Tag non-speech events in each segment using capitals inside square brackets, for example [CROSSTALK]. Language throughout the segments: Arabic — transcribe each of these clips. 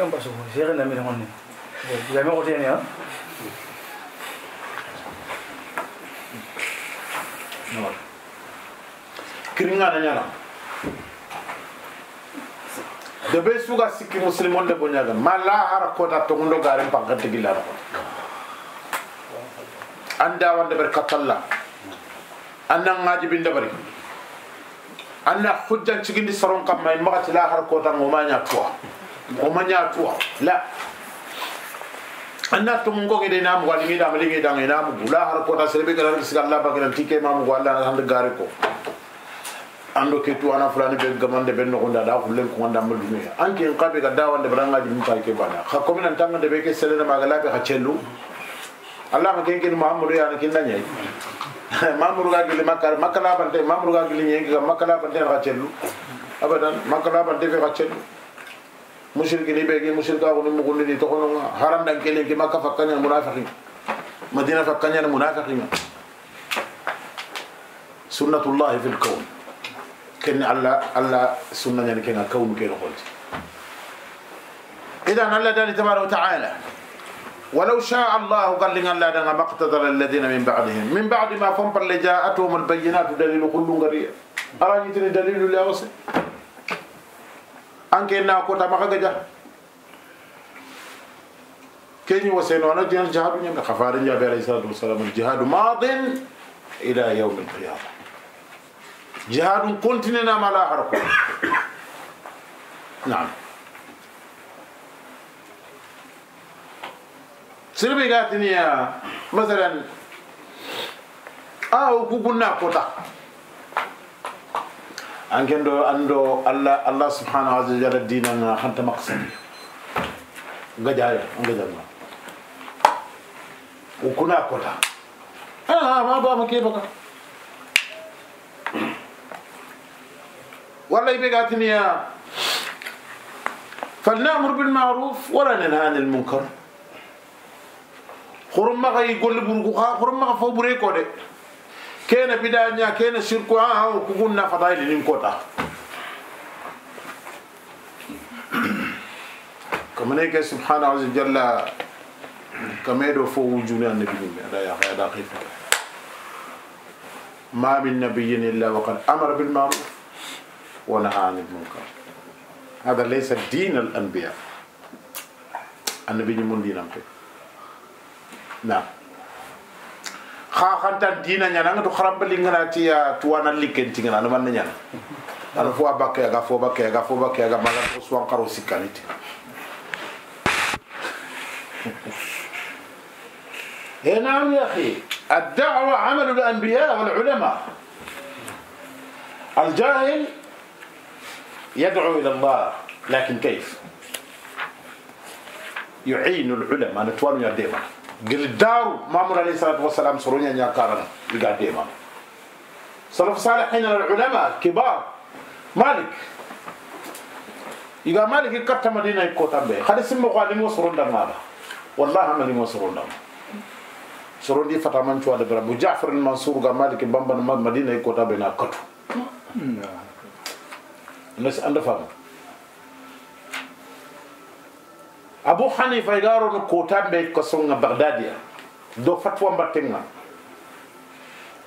안 봐서 제가 남이 형님 남이 어디냐 kiringa na nyana debe suga sikki muslimon de bonyaga mala hara kota togundo garen pakkati gillara ko anda wande ber katalla anna ngaji bin dabari anna hujjan cigindi soron kamma imma katila hara kota ngoma nya ومن يعطوا لا anna tongo ke de nam wali ngi dam li ngi dam nam bula har ko ta serbe kala ris Allah ba kala tike mam wala hand gare ko ando ke tu ana fulani be gamande be no gonda da ko len ko gonda mal dunya an ke qabe ga dawan de branga di mpa ke bana kha ko min tan de be ke selena magala be kha chelu Allah ma ke ke mamuru ya na kinna nyai mamuru ga gile makar makala bante mamuru ga gile nyengi ga makala bante kha chelu abadan makala bante be kha chelu مشرك لي بيجي مشرك أو نم مقولني دي تقولون هرم دان كلي كي ما كفكني المنافقين مدينة فكني المنافقين سنة الله في الكون كن على على سنة يعني كن الكون كي قلت إذا الله دان تبارك وتعالى ولو شاء الله قال لنا الله دان ما اقتدر الذين من بعدهم من بعد ما فهم اللي جاءتهم البينات دليل كل غريب أراني تني دليل لا وصل hanke na ko ta maka gaja kenyi wa sai nona jihar jihadu ne kafarin jabi alayhi salatu wasalam jihadu madin ila yawm al-qiyamah jihadun na mala harko na'am sirbi gatiniya masalan aw gugunna kota أنكن دو أندو الله الله سبحانه وتعالى ديننا خنت مقصد غجاي غجاي وكنا كولا آه ما بقى مكيف بقى والله يبقى تنيا فلنأمر بالمعروف ولا ننهى عن المنكر خرم ما يقول لبرقها خرم ما فوبريكو ده kene bidanya kene shirku ha kugunna fadaili nin kota kamane ke subhanahu wa jalla kame do fo wujuna nabi ni ada ya ada khifa ma min nabiyyin illa wa qad amara bil ma'ruf wa nahaa 'anil munkar hada laysa din al anbiya annabi ni mun dinam te na'am xa xanta dina nyana ngatu kharambali ngana tiya tuwana likenti ngana no manna nyana ala fo abakke aga fo bakke aga fo bakke aga maga ko suwan karo sikkaniti اي نعم يا اخي الدعوه عمل الانبياء والعلماء الجاهل يدعو الى الله لكن كيف يعين العلماء نتوانو يا ديما gel daru mamur alayhi salatu wassalam soronya nya karan iga dema salaf salihin al ulama kibar malik iga malik katta madina ko tambe khade simmo ko alimo soronda ngaba wallahi amali mo soronda sorondi fata man cuwa da barabu ja'far al mansur ga malik bamban madina ko tambe na katu nas anda famu abu hanifa igaro no kota be ko songa bagdadia do fatwa mbatenga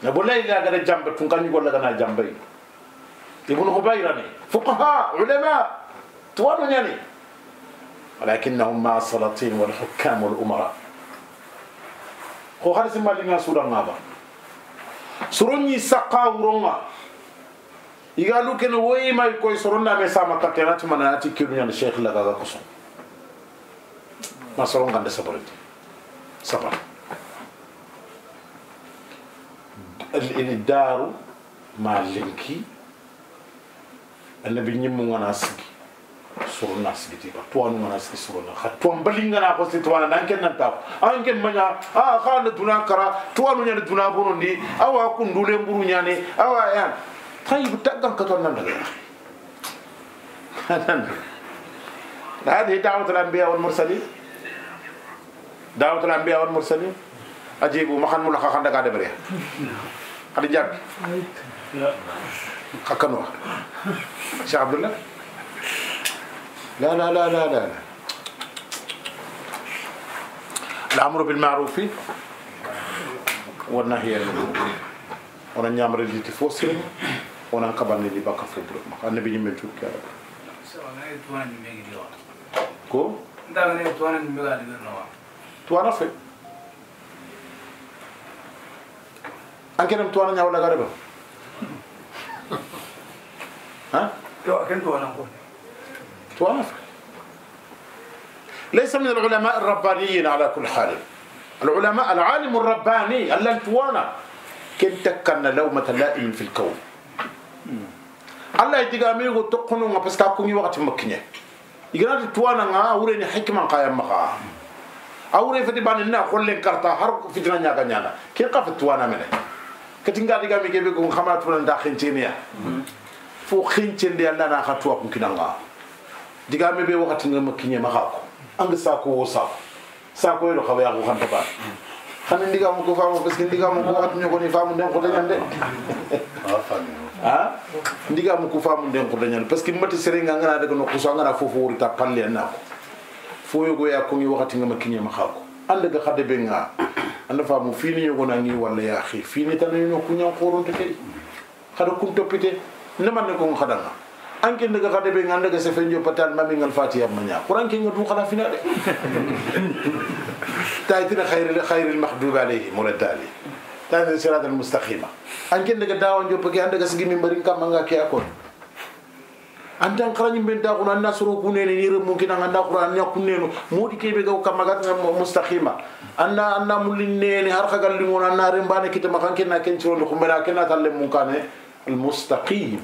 na bolay la gara jamba tun kan yugo lagana jamba ibn hubayra ne fuqaha ulama tuwanu nyani ولكنهم مع السلاطين والحكام والامراء ko har simma linga suda ngaba surunyi sakka wuronga igalu ken woyi mai koy surunna be sama katena tumana ati kirunya sheikh laga ga kusun ما صرون عند صبرت صبر الدار ما لينكي النبي نيم وانا سكي صرنا سكي تبا توان وانا سكي صرنا خد توان بلينغ انا بس توان انا كن نتا انا كن مانيا اه خان دونا كرا توان ويا دونا بوندي او اكون دولين بروني انا او يا طيب تقدر كتر نمر هذه دعوة الأنبياء والمرسلين دعوت الأنبياء والمرسلين أجيبوا ما خان ملخا خان دكان دبريا خدي جاب خكنوا شيخ عبد الله لا لا لا لا لا الأمر بالمعروف والنهي عن المنكر ونا نيامر اللي تفوسين ونا كبان اللي في فبر ما النبي يمل شو كده كو دعنا نتوانا نبغى لنا tuwana fe ankenem tuwana ñawo lagare ba ها؟ توافق ليس من العلماء الربانيين على كل حال العلماء العالم الرباني اللنتوانا كنت كان لومة لائم في الكون الله يتيغا ميغو تقنو ما بس كاكوني وقت مكنيه يغنا توانا nga ureni hikman qayam maqa awre fati bani na hollen karta har fitna ñaga ñaga ke qafat tuwana mene kati nga diga mi kebe ko xamat fo nda xinchenia fo xinchende yalla na xa tuwa kun kinanga diga mi be wakati nga makinye ma xako anga sako wo sako sako yelo xawa ya ko xanta ba xana ndiga mo ko famo parce que ndiga mo ko wakati ñoko ni famu den ko dañande ha ndiga mo ko famu den ko dañande parce que mati serenga nga na daga no kusa nga na fofu wori ta palle na ko fo yogo ya ko ngi wakati ngama kinya makhako ande ga khade be nga ande fa mu fini yogo na ngi wala ya khi fini tan ni ko nya khoron te kay khada kum topite ne man ko khada nga anke ne ga khade be nga ande ga se fenjo patal mami ngal fatiha manya quran ke ngatu khada fina de taytira khairul khairul mahdub alayhi muradali taytira siratal mustaqima anke ne ga dawon joppe ke ande ga sigi mi mbarin kam nga ke akon andan karañim ɓen dakuno anna soro kunene ni rem munkinanga anda qura anna kunneno moɗi keɓe gaw kamma gataa mustaqima anna anna mullin nene har xagallingona anna rembane kitama kan kenna kencirondi xumbena kenna talle munkane almustaqim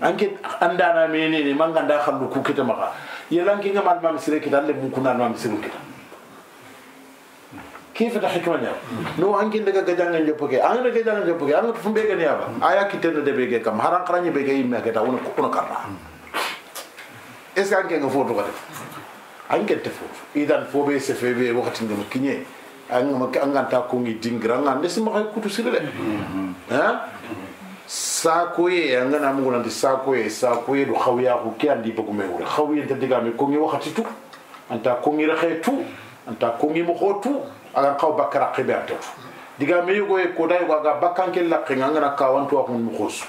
anke andana menene manganda xallu ku kitamaxa yelankinga malmamisire kita alle munkunanmamisirun kita kifata hikmanya no angin daga gadangan jo pake ang daga gadangan jo pake ang fumbe gani aba aya kitendo de bege kam haran qaranya bege imme kata wono kono karra est ce angin ngafo to kata angin te fo idan fo be se fe be wakati ngam kinye ang ma angan ta ko ngi dingranga ndesi ma kay kutu sirele ha sa ko ye angana mu ngandi sa ko ye sa ko ye do khawya ko kyandi bugume wure khawya te diga me ko ngi wakati tu anta ko ngi rakhe tu anta ko ngi mo khotu agar kaw bakara kebe ato diga me yugo e koda yugo aga bakkan ke lakke ngana kawan to akun mukhos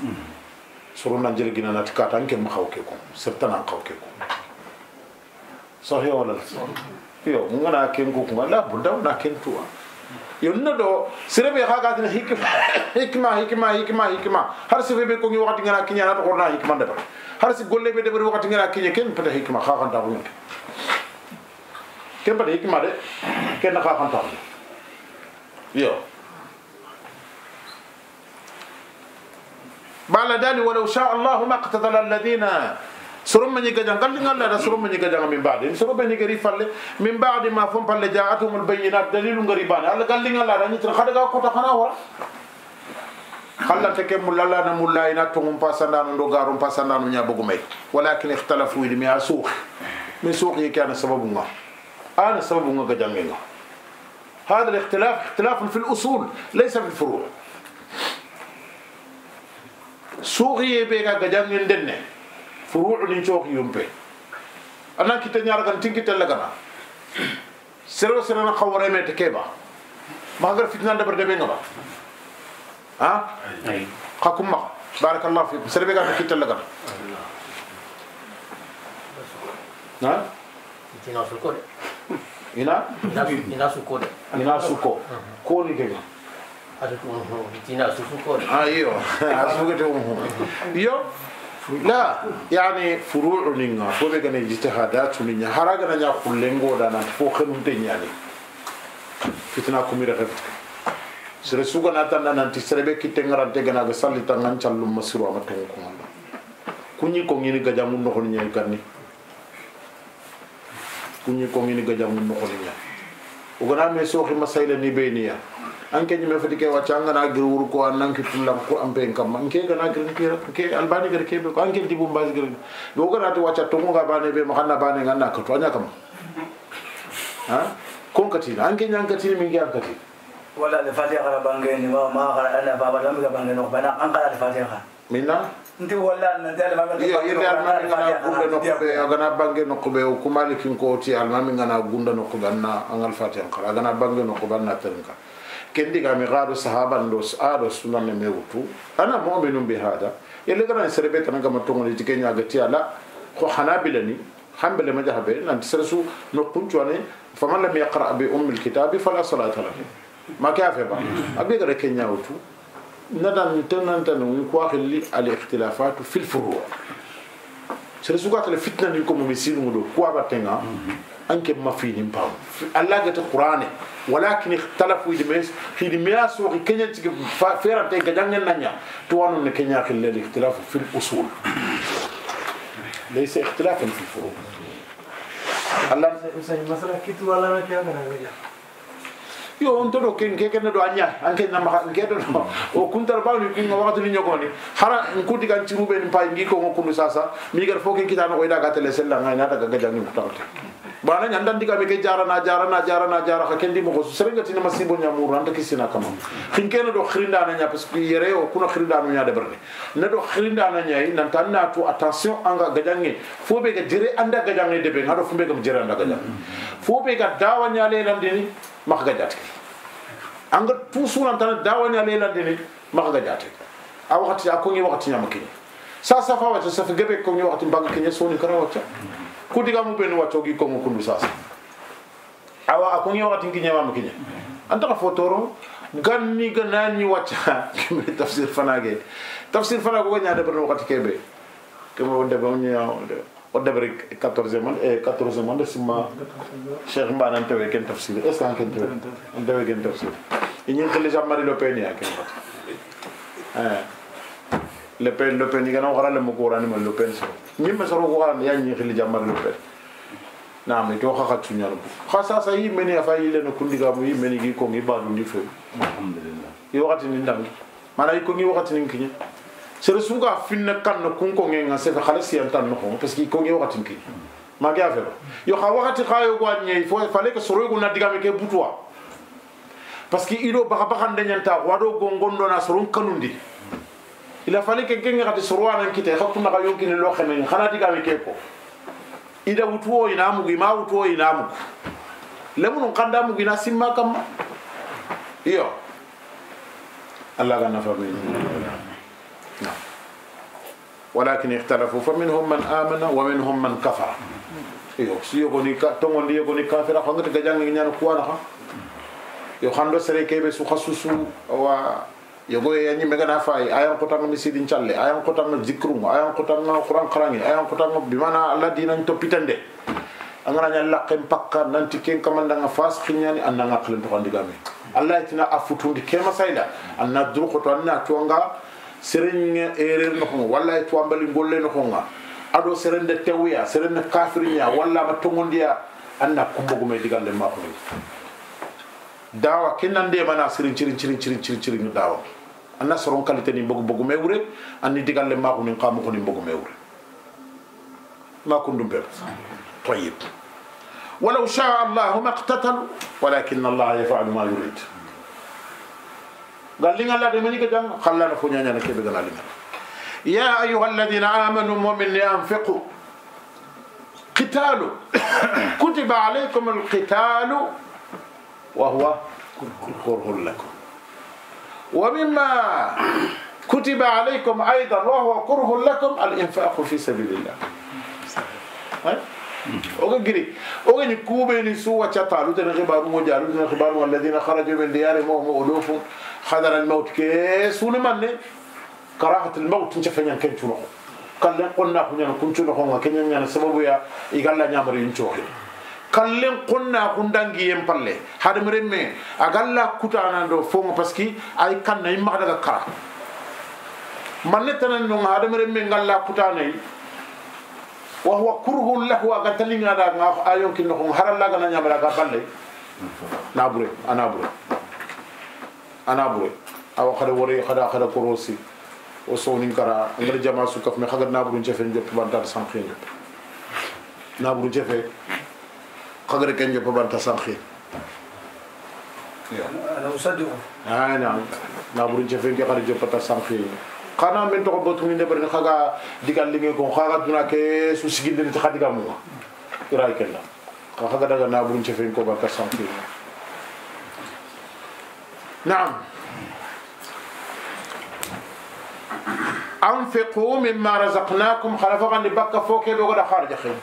suru na jere gina nati kata anke makhaw ke ko serta na kaw ke ko sahih wala yo ngana ken ko ko la bunda na ken tuwa yonno do sirebe ha ga tin hikma hikma hikma hikma hikma har sirebe ko ngi wakati ngana kinya na to na hikma da har si golle be de wakati ngana kinya ken pata hikma ha ga da kembaɗa hikkima de kenna fafantama yo بعد ذلك ولو شاء الله ما اقتتل الذين سرم من يجا قال لنا لا سرم من يجا من بعد سرم من يجري فل من بعد ما فهم فل جاءتهم البينات دليل غريبان قال قال لنا لا ني تر خدغا كوتا خنا ورا خلا تكم لا لا نملا ان تم فاسنا ندو غارم فاسنا نيا بغمي ولكن اختلفوا لم يسوق من سوق كان سببنا أنا سبب قدمينه هذا الاختلاف اختلاف في الأصول ليس في الفروع سوغي بيغا قدمين دنه فروع لنشوك يمبي أنا كنت كتا نيارغان تنكي تلقنا سروا سرنا خوري ميت كيبا ما غير فتنة دبر دبينا با ها قاكم مخ بارك الله فيكم سرو بيغا تنكي تلقنا ها؟ ina ina su kore ina su ko kore ke ina su su kore ayo asuke to mu yo لا يعني فروع نينا فوبي كان اجتهادات نينا هراغنا نيا كلنغو دانا فو خنم تنيالي فتنا كومير غفت سر سوغا ناتانا نانتي سربي كي تنغران تغنا غسالي تانان تشالو مسرو ما تنكو كوني كوني غاجامو نخون نيا كاني kunyi kongi ni gajamu nokolinya ugana me sohi masaila ni beniya anke ni me fati ke wacha ngana gir wur ko annan ki tulam ko ambe kam anke gana gir ke albani gir ke ko anke dibu mbaz gir do gana to wacha to ngonga bane be mahanna bane ngana ko to anya kam ha kon kati anke nyang kati mi ngi kati wala le fatiha ra bangen ma ma ana baba dam ga bangen no bana an kala fatiha minna nti wollaannantealmaɓeyirde almami gana gunda nokkuɓe agana bange nokkuɓe o kumali kinkooti almami gana gunda nokkuɓe anna angal fati an kala agana bange nokkuɓe anna terin ka kendigami gaaɗo sahaban ɗo aɗo sunanne me wutu ana mominum be haada yelle ganani sere ɓe tanagama togoni ti keñagati ala ko hanabila ni hambele ma jaha ɓe nanti sere su nokkuncuane faman lam yaqra bi ummi lkitabi fala salata lahu ma ke a fe ba aɓe gara keñawutu نحن تنتن ويقاك اللي على الاختلافات في الفروع سلسو قاك اللي فتنة يكون مبسين مدو قوابا تنغا أنك ما في نمبام الله جت القرآن ولكن اختلفوا يدميس في دمياس وقي كنيا تيك فيرا تيك جنجن نانيا توانو نكنيا كل الاختلاف في الأصول ليس اختلافا في الفروع yo on to ken ke ken do anya an ken na ma ken do o kun tar ba ni kin ma wakati ni nyogoni hara ku diga ci rube ni pay ngi ko ko kunu sasa mi gar fo ken kitano o ida ga tele sella ngai na daga gajangi ku tawte bana nyanda ndiga me ke jara na jara na jara na jara ka ken di mo ko serenga tina masibo nyamuru anta kisina kama kin ken do khrinda na nya parce que yere o kuno khrinda no nya de berne na do khrinda na nya nan tan na to attention anga gajangi fo be ga jere anda gajangi de be ngado fo be ga jere anda gajangi fo be ga dawa nya le landini maka gadiate anga tusunantana dawani a lelandini maka gadiate a wakati a koñi wakati ñama kiñe sa safa wacca safa gebe koñi wakati mbanga kiñe soni kara wacca kudigamu ɓeni wacca ogi komo kundu sasa awa a koñi wakati kiñemama kiñe antaka fo toro ganni ganani wacca kembe tafsir fanage tafsir fanage ko ñade ɓerno wakati keɓe kemo wonde bamñiya wonde o deɓre 14 man e 14 man de simma cheikh mbanan tewe ken tafsir est ce que an ken tewe an tewe ken tafsir i ñin xili jean marie le pen a ken fat le pen le pen igana xara lemo kuranima le pen soro ñim me soro ku xaran ya ñin xili jean marie le pen naam ito xa xa tuñano xa sa sa yi meni afa yi leno kundigamu yi meni gi kongi badundi few alhamdulillah i waxati ni ndangi mana i kongi waxati ni kiñe sere suga finne kanno kunkonge nga sefe xale siyantan noxonga parce que konge waxatin ki mage a fero yo xa waxati xa yogo a ñeyi fo fale ke soroyoguna digame ke butuwa parce que ido baxa baxande ñanta waɗo gongondona soron kanundi ila fale ke kenge xati sorowanan kite xa kunaxa yonkine lo xemen xana digame ke ko ida wutuwo ina mugu ima wutuwo ina mugu lemunun xanda mugu ina simma kamma iyo allah ga nafa min ولكن اختلفوا فمنهم من آمن ومنهم من كفر iyo siyogoni togondi yogoni kafira xongati gajangi ñana kuwanaxa yo xan do sere kebe suxa susu wa yogoye yañi megana fayi ayan kotanga mi sidin calle ayan kotanga zicrungo ayan kotanga xuran xarange ayan kotanga bimana alla dinañ toppitande a nganaña laqen pakka nanti ken kamandanga fas xiñani annanga xelen toxandigame alla yetina a futundi ke masayla anna durxoto anna tuwanga serenga erer no honga walla e tuambali golle no honga ado serende tewya serende kafirinya walla ma tongondiya anna kumbogo me digande mako ni dawa kenande mana sirin cirin cirin cirin cirin cirin dawa anna soron kalite ni bogo bogo me wure anni digande mako ni kamu ko ni bogo me wure mako ndum be طيب ولو شاء الله ما اقتتلوا ولكن الله يفعل ما يريد قال لي الله دمني كدم خلى رفوني أنا كيف قال لي يا أيها الذين آمنوا مؤمن لأنفقوا قتال [COUGHS] كتب عليكم القتال وهو كره لكم ومما كتب عليكم أيضا وهو كره لكم الإنفاق في سبيل الله طيب. oga giri oga ni kube ni su wacha talu tan khibaru mo jalu tan khibaru alladhina kharaju min diyarihim wa hum ulufun hadara al-maut ke sunu manne karahat al-maut tin chafanya kan tuno kallen qonna kunya kun tuno ko kanya nyana sababu ya igalla nyamari in chori kallen qonna kun dangi yem palle hadmre me agalla kutana do fomo paski ay kanna imma daga kara manne tanan no hadmre me ngalla kutana وهو كره له وقتلين هذا ما آه يمكن نكون هر الله كنا نعمل قبل نابري أنا بري أنا بري أو خد وري خد خد كروسي وصونين كرا عندنا جماعة سكف من خد نابري جفن جب بنتار سانخين نابري جفن خد كن جب بنتار سانخين أنا أصدقه آه، نعم. أنا نعم نابري جفن كخد جب بنتار سانخين xana men to toxo tumi ne ɓerni xaga digal li linge ko xaga duna ke su sigindini ti xa diga muga iray kella xa xaga daga na buñ ci feñ ko barka kilo naam anfiqu mimma razaqnakum xana foxandi bakka fo keɓe goɗa xaar jaxen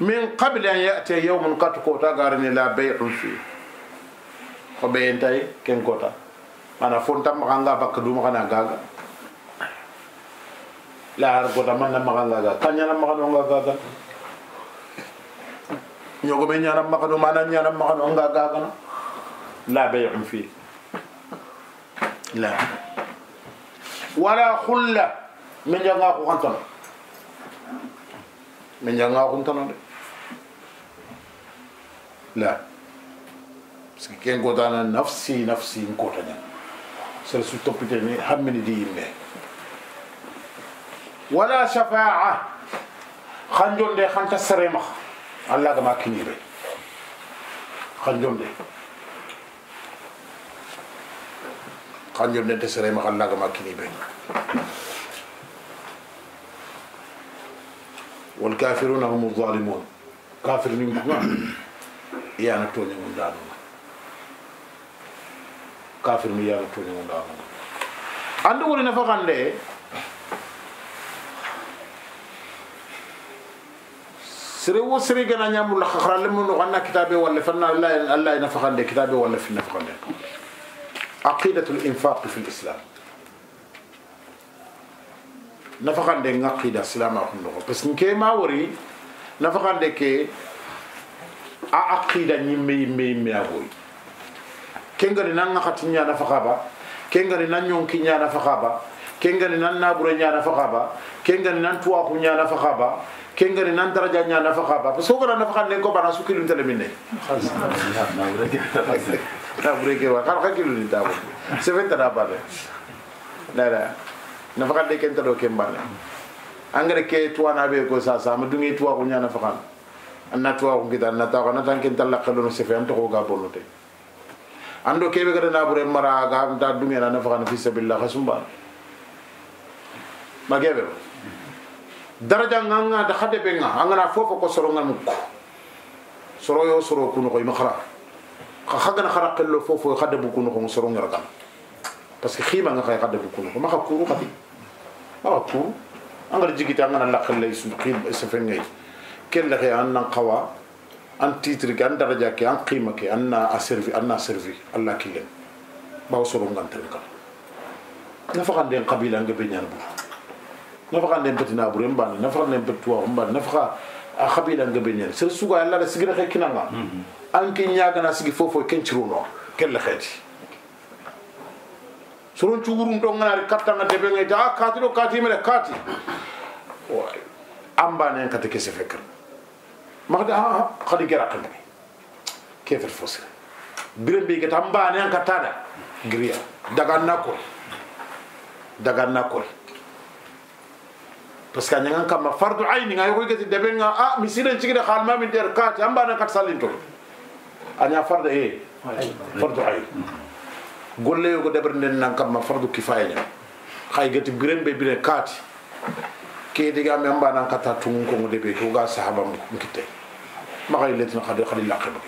min qable an yatiya yawmun qatu kota garani la bayun fi ko ɓeyentay ken kota ana fonta maganga bak du magana gaga la har goda man na maganga gaga kanyana magano gaga nyogo ñogome nyana magano mana nyana magano nga gaga na la bay'un fi la wala khulla men janga ko kantan men janga ko kantan de la parce que نفسي نفسي nafsi nafsi سر سو توپ تيني حمن دي مي ولا شفاعه خنجون دي خنت سري مخ الله ما كنيبي خنجون دي خنجون دي تسري مخ الله ما كنيبي والكافرون هم الظالمون كافر من يعني توني من دارنا kafir mi yaga to nyamu ndamu ande woni na fakande sere wo sere gana nyamu la kharale mun wanna kitabe wala fanna allah allah na fakande kitabe wala finna fakande aqidatu al-infaq fi al-islam nafakande ngaqida silama kun nogo parce que ke ma wori nafakande ke a aqida nyimme yimme yimme a goyi kengari nan ngakati nyana fakaba kengari nan nyonki nyana fakaba kengani nan nabure ñana faxaba kengani nan tuwaku ñana faxaba kengani nan daraja ñana faxaba parce que ogana nafaxan len ko bana sukkiluntele min ne nabure ke wa xar xa kiluni tabo se fe tana bane nara nafaxan de ken taɗo ken bane engrais ke tuwana ɓe ko sasa ama dunge tuwaku ñana faxan anna tuwaku kita anna taxo anatan ken tallaqelono se fe an toxoga bonute ando kebe gada na bure mara ga da dunya na nafa na fi sabilillah kasumba magebe daraja nganga da hade be nga angana fofo ko soro ngam ko soro yo soro ko no ko imakhara kha na khara qello fofo khade bu ko no ko soro ngargam parce que khima nga khay khade bu ko kuno ko makha kuru khati makha ko angara jigita ngana la khallay sun khim sefen ngay ken la khay an nan qawa an titre ke an daraja ke an qima ke an na a servi an na servi allah killen ɓawa sorongantan kam nafakanden kabilange ɓe ñan bur nafakanden petina bure n bani nafakanden pet tuwaxu n bani nafaka a kabilange ɓe ñan sere suga allah da sigire xe kinanga an ke ñagana sigi fofo ken ciruno ken le xeeti soron cugurum ɗo ganari kattanga deɓenge ta a kati ɗo katimene kati an banen kate kese fekkere magda ah, ha ah, khadi gara kan ni kefer fosir biren be gata an katada griya daga nakor daga nakor parce que nyangan kama fardu ayni ngay ko gati debe nga ah misiren cigida khalma min der kat ambana kat salinto anya fardu e eh, fardu ayni golle yogo debre nden nan kama fardu kifaya nyam khay gati biren be biren kat ke diga me ambana kata tungo ko debe ko ga sahaba kitay ما غير اللي الذين قليل العقبري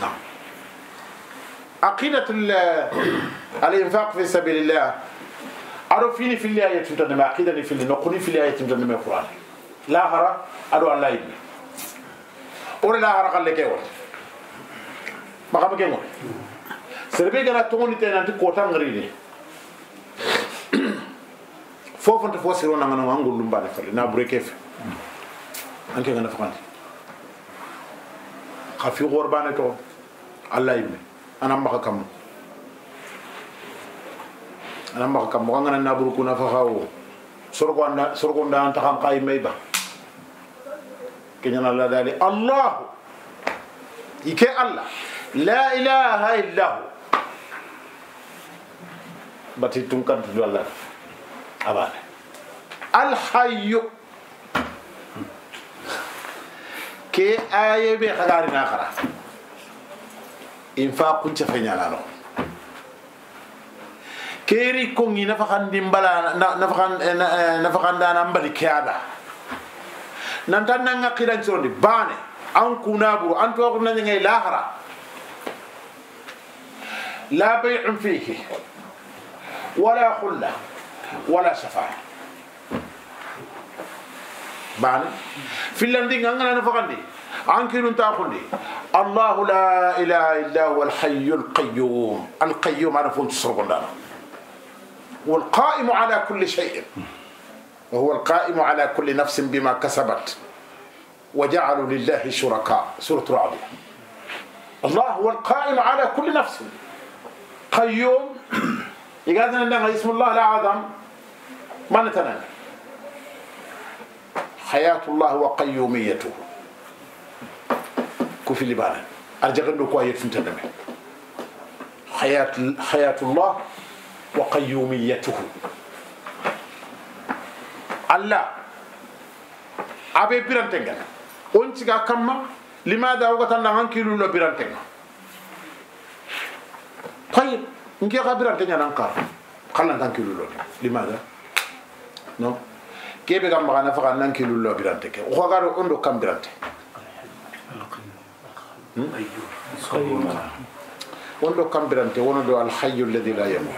نعم عقيدة الإنفاق في سبيل الله أعرفيني في الله آية يتمتن ما عقيدة في الله نقولي في الله آية يتمتن ما القرآن لا هرى أدو الله يبني أولا لا هرى قال لك يقول إيه ما قام كيقول سربي جنا توني تنانتي كوتان غريني fofonte fo siro nangana ma ngol lumbane fale na breke fe anke ngana fakanti khafi gorbane to allah yimme ana maka kam ana maka kam ko ngana na buru kuna fa hawo sorgo anda sorgo nda anta kam kay meyba kenyana la dali allah ike allah la ilaha illa hu bati tun kan tu allah أبانا الحي كي آية بخلال آخرى إنفاق كنت فينا keri kongi nafakan dimbala nafakan nafakan dana mbali kiada nantan nanga kidan sondi bane an kuna buru an to akuna ngai lahara la bay'un fihi wala khullah ولا شفاعة معنى في اللي عندي أنا نعم نفقني عنكير تأخذني الله لا إله إلا هو الحي القيوم القيوم أنا فون تصرفنا والقائم على كل شيء وهو القائم على كل نفس بما كسبت وجعلوا لله شركاء سورة رعد الله هو القائم على كل نفس قيوم [CLEARS THROAT] إذا اسم الله الأعظم ما نتناني حياة الله وقيوميته كفي اللي بانا أرجع غنو كواية فنتنمي حياة حياة الله وقيوميته الله أبي بيران بيرانتنجا أنت كم لماذا وقتنا هنكيلو لو بيران طيب نجي غابيرانتنجا نانكار خلنا نانكيلو لماذا؟ no kebe ga magana faga nan kilu lo birante ke o garo ondo kam birante ondo kam birante wono do al hayyu alladhi la yamut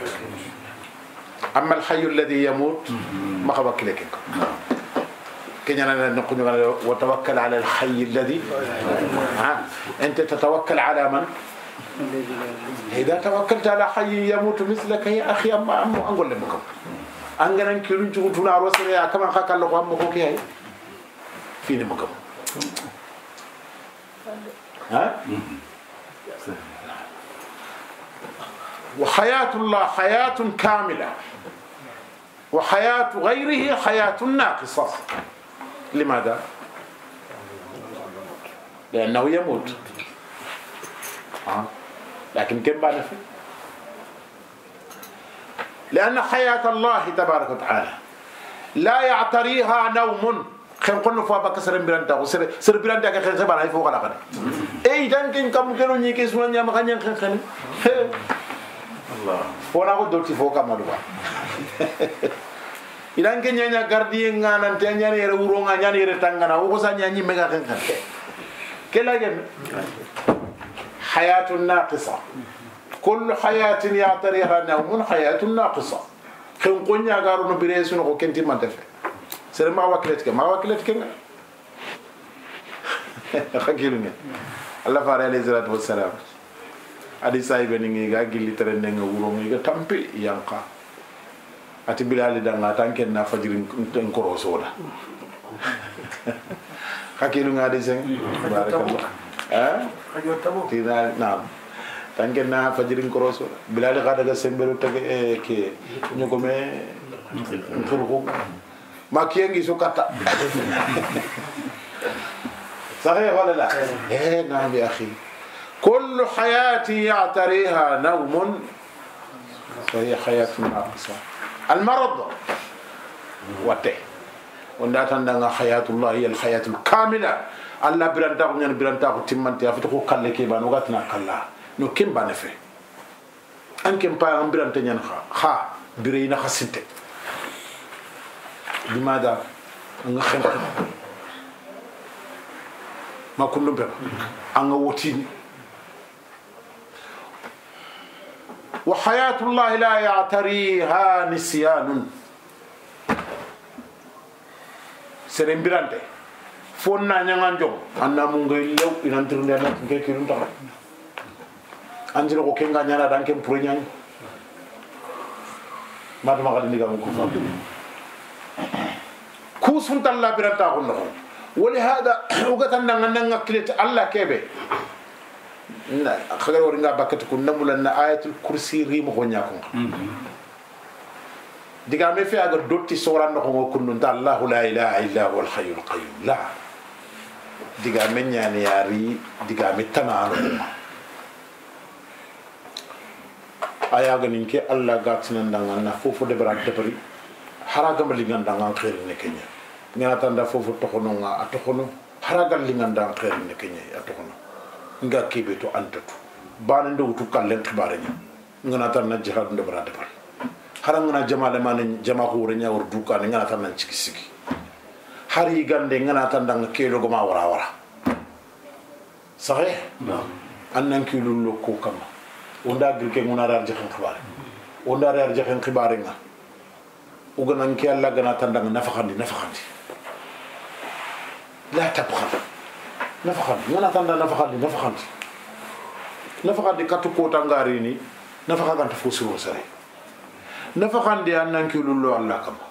amma al hayyu alladhi yamut ma khaba kile ke كنا نقول وتوكل على الحي الذي انت تتوكل على من اذا توكلت على حي يموت مثلك يا اخي اما انقول لكم anganan kilun cugu tuna ro sere ya kama khaka lo am ko kiyai fi mo kam ha وحياة الله حياة كاملة وحياة غيره حياة ناقصة لماذا؟ لأنه يموت آه. لكن كم بعد فيه؟ لأن حياة الله تبارك وتعالى لا يعتريها نوم خن قلنا فوا بك سر بلانتا سر سر بلانتا كي خن سبارا يفوق على قد اي دان كين كم كيلو ني كي سوان يام خن خن خن الله ولا قد دوتي فوق ما دوا idan ke nyanya gardi ngana te nyane re uro nga nyane re tangana wo sa nyanyi mega kan kan ke la gen hayatun naqisa كل حياة يعتريها نوم حياة ناقصة خنقون يغارون بريسون وكنت ما دفع سر ما وكلتك ما وكلتك خكيلني الله فاري عليه الصلاة والسلام adi sahibe ni ngi ga gilli tere ne nga wuro ngi ga tampi yanka ati bilali da nga tanke na fajiri nkoro soda hakilu nga di sen barakallah eh ti na na tanke na fajirin koroso bilali ka ga sembelu tege ke nyokome nturku makiengi so kata صحيح ولا لا؟ ايه نعم يا اخي كل حياتي يعتريها نوم فهي حياة ناقصة المرض وته وندا تندنا حياة الله هي الحياة الكاملة الله برانتاغ نين برانتاغ تيمانتي افتكو كالكي بانو غاتنا كالله no ken bane fe an ken pa an birante ñan xa xa bire yi naxa sinte limada anga xen ma kundu ben anga wotini wa hayatullahi la yatariha nisyanun sere mbirante fo na ñangan jom anna mu ngay lew inantirnde na ngay kirun taxat anjina ko kenga nyana dan ken pure nyani madu magal ndiga mu kufa ku sun talla birata ko no wali hada ugatan nan nan ngakilet alla kebe na khagar wori nga bakati ko namulan na ayatul kursi ri mo ko nyako diga me fe aga dotti soran no ko kunun ta allah la ilaha illa huwa al hayyul qayyum la diga men nyani yari diga me tanano ayaganin ke allah gatinandanga na fofo debara debari haragama ligandanga xeerine keña ngenatanda fofo toxononga a toxono haragal ligandanga xeerine keña a toxono nga kebe to antatu bane ndewutu kallen xibareña ngenatanna jihadu debara debari hara ngana jamale mane jama xure ñawor dukane ngenatannan cigi sigi har yigande ngenatandanga kelogoma wara wara saxe annan kilullo ko kamma onda girke ngona dar jaxen xibaare onda dar jaxen xibaare nga uga nan ke alla gana tandang nafaxandi nafaxandi la tabxan nafaxandi ngana tanda nafaxandi nafaxandi nafaxandi katu kota ngari ni nafaxa ganta fo siro sare nafaxandi an nan kilullo alla kama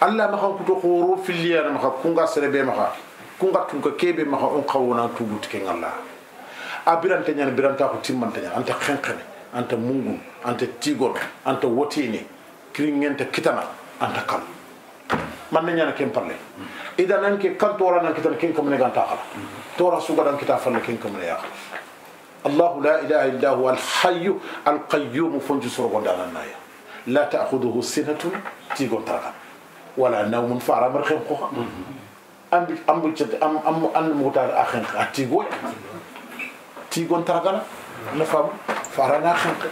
alla maxa kuto xoro filliyana maxa kunga serebe maxa kunga tunka kebe maxa on xawona tugut ke ngalla a birante ñani biranta ko timmanta ñani anta xenqene anta mungun anta tigono anta wotini kiringenta kitana anta kam man na ñana ken parle ida nan ke kan tora nan kitana ken kamne ganta xala tora suga dan kita fanna ken kamne ya xala الله لا إله إلا هو الحي القيوم فنج سرغون دانا نايا لا تأخذه سنة تيغون تاغا ولا نوم فارا مرخم خوخا أم أم أم أم أم أم أم أم أم tigon taragana na fam farana khanqa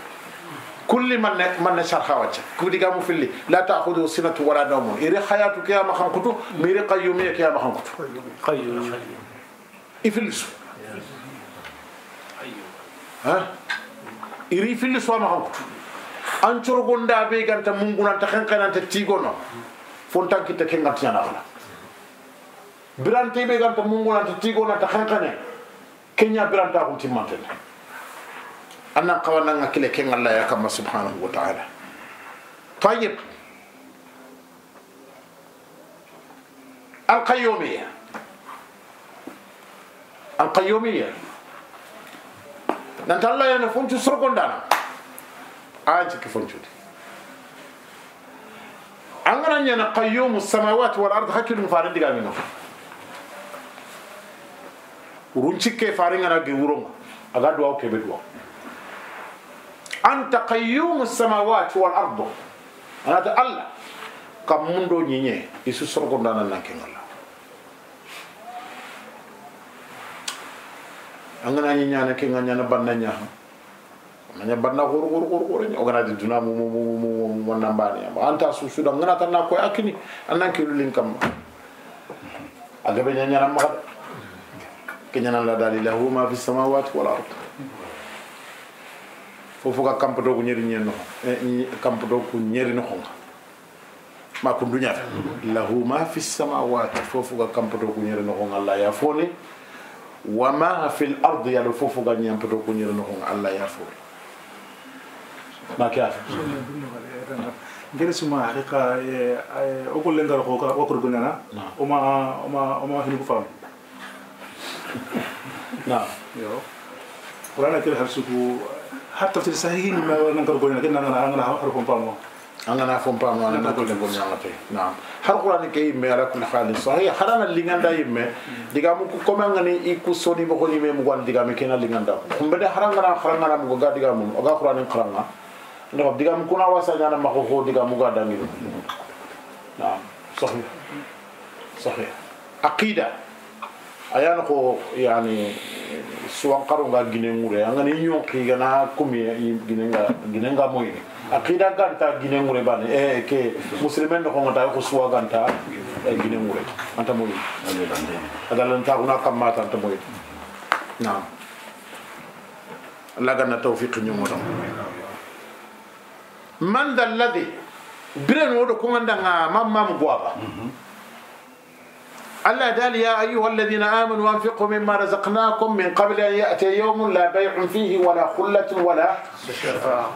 kulli man ne man ne sharha wacce kudiga mu filli la ta'khudhu sinatu wala nawm ire hayatu kiyama khanqutu mire qayyumiyya kiyama khanqutu qayyum ifilisu ha iri ifilisu ma khanqutu an curgonda be ganta mungunanta khenqenanta tigono fontankitte kengantiyana wala birante be ganta mungunanta tigonanta khenqene kenya biranta ko timmantene annan kawananga kile ken allah ya kamma subhanahu wa ta'ala tayyib القيومية القيومية نانت الله يانا فونتو سرقون دانا آج كي فونتو دي أنغنا يانا قيوم السماوات والأرض حكي المفارد دي قامينو urun cikke farengana ge wuronga aga duwaw keɓe duwaw anta qayyumu samawati wal ardo anata allah kam mun do ñiñe isu sorgondana nankengalla angana ñiñana kenga ñana banna ñaha naña banna xur xur xur xur ñe ogana di duna mu mu mu mu mu wonna mbani am anta su su dang ngana tan na koy akini anan ki lulin kam agabe ñana ñana ma keñanan la daali lahu ma fi samawati wal ard fofo ka kampato ko ñeri ñen noxon eh, kampato ko ñeri noxon ma ko duñata lahu ma fi samawati fofo ka kampato ko ñeri noxon allah ya fole wa ma fi al ard ya fofo ka ñampato ko ñeri noxon allah ya fole ma kya ngere suma haqiqa o golle ngal ko ka wakor gunana o ma o ma o ma hinu ko fam نعم قرانا كده حرسكو حتى في السهين ما نقدر قلنا كنا أنا أنا حرفهم بامو أنا نعرفهم بامو أنا نقول نقول نعم نعم har qur'ani ke yimme ala kun halin sahih harana linganda yimme diga mu ko koma ngani iku soni bo ni mem gwan diga me kena linganda kumbe da haranga na haranga na mu ga diga mu ga qur'ani qaranga ndo diga mu kuna wasa jana ma ho diga mu ga dangi na sahih sahih aqida ayana ko yani suwan karo ga gine ngure anga ni nyon ki ga na kumi gine ga gine ga moyi akida ganta gine ngure bane e ke muslimen no ngata ko suwa ganta gine ngure anta moyi adalan ta kuna kamata anta moyi na Allah ganna tawfiq nyum mo man dal ladhi biren wodo ko ngandanga mamma mo boaba mm -hmm. ألا دال يا أيها الذين آمنوا أنفقوا مما رزقناكم من قبل أن يأتي يوم لا بيع فيه ولا خلة ولا شفاعة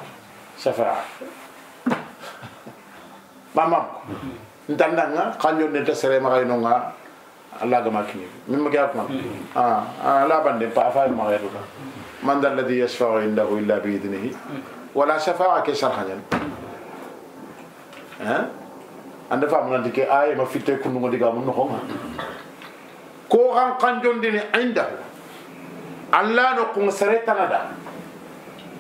شفاعة ما ندنا آه؟ قال يوم ندسر ما غير نونا آه؟ الله جماعة من مجاك ما آه،, آه لا بند بعفان ما غيره من ذا الذي يشفع عنده إلا بإذنه ولا شفاعة كشرحنا ها أه؟ anda famunanti ke aye ma fitte kundugo digamu nohonga ko xan xanjondini indahu alla no kun sere tanada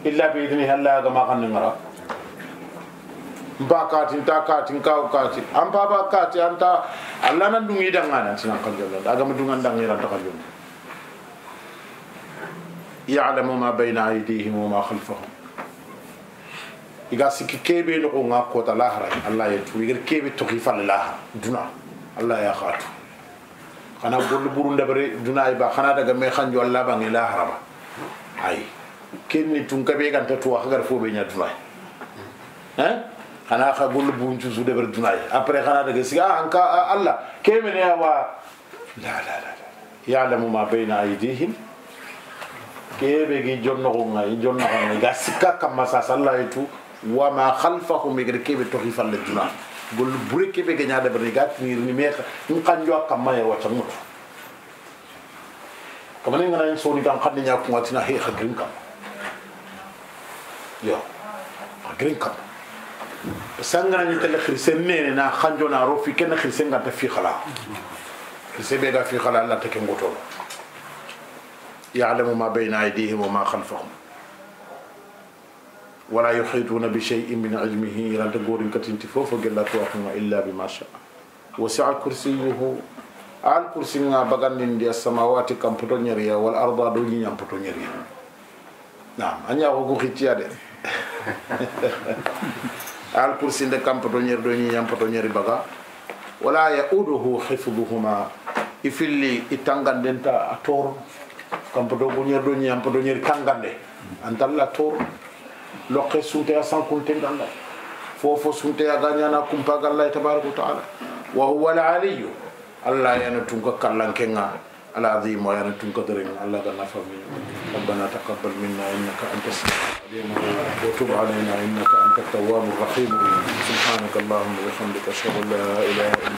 illa be idini alla yagama xanni ngara mpa kati nta kati nkaw kati an paba kati anta alla na dungi dangana tinan xanjonda agama dungan dangiranta xanjonda yalamu ma bayna aydihim wa ma khalfahum iga sikki keɓe nogo ga kota lahara allah ye tu igar keɓe toki falle lahara duna allah ya hatu xana golle buru ndabare duna ba xana daga me xanjo allah bange lahara ba ay kenni tun kaɓe ganta tuwa xagar foɓe ña dunay xana xa golle buru cusu ndeɓare dunay après xana daga sigi a anka allah kemene awa la la la yalamu ma bayna aydihim keɓe gi jonnoxonga i jonnoxonga ga sikka kamma sas allah ye tu وما خلفهم يركب التوحيف للجنة قل بريك بيجنا على بريجات نيرني ميك نكان جوا كم ماي وتشمو كمان إننا نسوني كان خدنا يا كمواتنا هي خدرين كم يا خدرين كم سانغنا نتلا خرسين مين نا خان جونا روفي كنا خرسين كان تفي خلا خرسين بيجا في خلا لا تكيم قطول يعلم ما بين أيديهم وما خلفهم ولا يحيطون بشيء من علمه لا تقول إن كتنت فوف قلا توقنا إلا بما شاء وسع كرسيه على كرسي بغن دي السماوات كم بتونيريا والأرض دوني يم بتونيريا نعم أنيا وقو ختيا دي على كرسي دي كم بتونير دوني يم بتونيري بغا ولا يؤده حفظهما ifilli itangandenta a toro kam podongo ñer do ñam podonyer tangande antalla toro لقي سنتي أسان كنتين قال الله فوفو سنتي أغاني أنا كنبا قال الله تبارك وتعالى وهو العلي الله ينتونك كاللان كينا العظيم ينتونك درين الله قال نفهمي ربنا تقبل منا إنك أنت السلام وتب علينا إنك أنت التواب الرحيم سبحانك اللهم وبحمدك أشهد أن لا إله إلا